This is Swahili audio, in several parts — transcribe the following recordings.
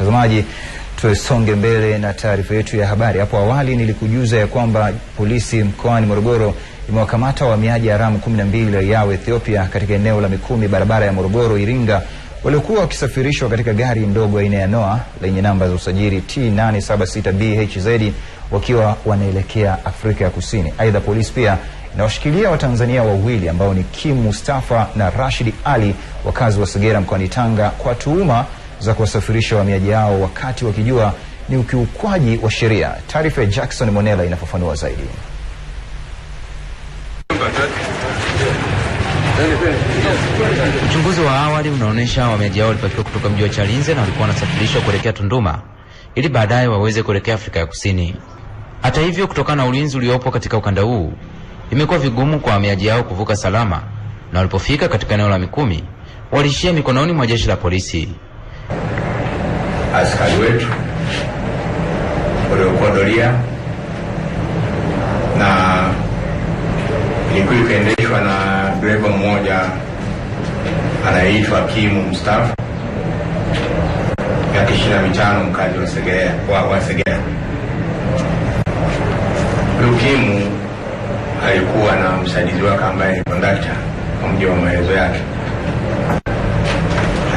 Mtazamaji, tusonge mbele na taarifa yetu ya habari. Hapo awali nilikujuza ya kwamba polisi mkoani Morogoro imewakamata wahamiaji haramu kumi na mbili raia wa Ethiopia katika eneo la Mikumi, barabara ya Morogoro Iringa, waliokuwa wakisafirishwa katika gari ndogo aina ya Noah lenye namba za usajili T876BHZ wakiwa wanaelekea Afrika ya Kusini. Aidha, polisi pia inawashikilia Watanzania wawili ambao ni Kim Mustafa na Rashid Ali, wakazi wa Segera mkoani Tanga, kwa tuhuma za kuwasafirisha wahamiaji hao wakati wakijua ni ukiukwaji wa sheria. Taarifa ya Jackson Monela inafafanua zaidi. Uchunguzi wa awali unaonyesha wahamiaji hao walipakiwa kutoka mji wa Chalinze na walikuwa wanasafirishwa kuelekea Tunduma ili baadaye waweze kuelekea Afrika ya Kusini. Hata hivyo, kutokana na ulinzi uliopo katika ukanda huu, imekuwa vigumu kwa wahamiaji hao kuvuka salama, na walipofika katika eneo la Mikumi walishia mikononi mwa jeshi la polisi askari wetu waliokuwa doria, na ilikuwa ikaendeshwa na dereva mmoja anayeitwa Kimu mstafu miaka ishirini na mitano mkazi wa Segea wa, wa Segea. Huyu Kimu alikuwa na msaidizi wake ambaye ni kondakta kwa mji wa maelezo yake,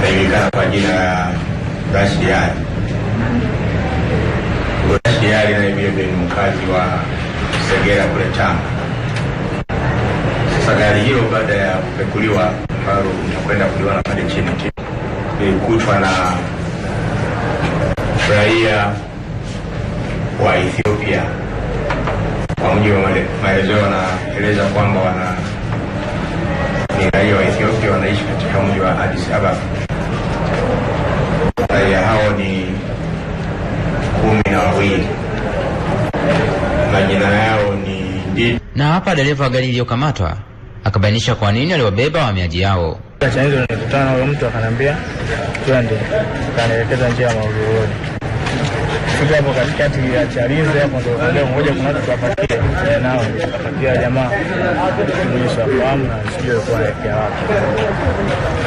anajulikana kwa jina la urashiali urashiali naye vilevile ni mkazi wa Segera kule Tanga. Sasa gari hiyo baada ya kupekuliwa ambalo inakwenda kuliwana pale chini ilikutwa na raia wa Ethiopia. Kwa mujibu wa maelezo, wanaeleza kwamba wana ni raia wa Ethiopia wanaishi katika mji wa Addis Ababa. wawili, majina yao ni Didi. Na hapa dereva wa gari iliyokamatwa akabainisha kwa nini aliwabeba wahamiaji yao. Chanizo nilikutana na mtu akaniambia twende, akanielekeza njia ya Maulurodi. Fika hapo katikati ya Chalize hapo ndio kwa leo mmoja kuna mtu watu wapakia eh, nao kapakia jamaa kuonyesha fahamu na sio kwa yake hapo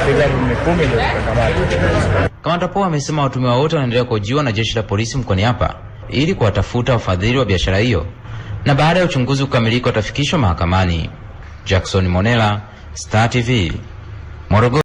Fika hapo Mikumi ndio tukakamata. kama Poa amesema watumiwa wote wanaendelea kujiwa na jeshi la polisi mkoani hapa ili kuwatafuta wafadhili wa biashara hiyo, na baada ya uchunguzi kukamilika watafikishwa mahakamani. Jackson Monela, Star TV, Morogoro.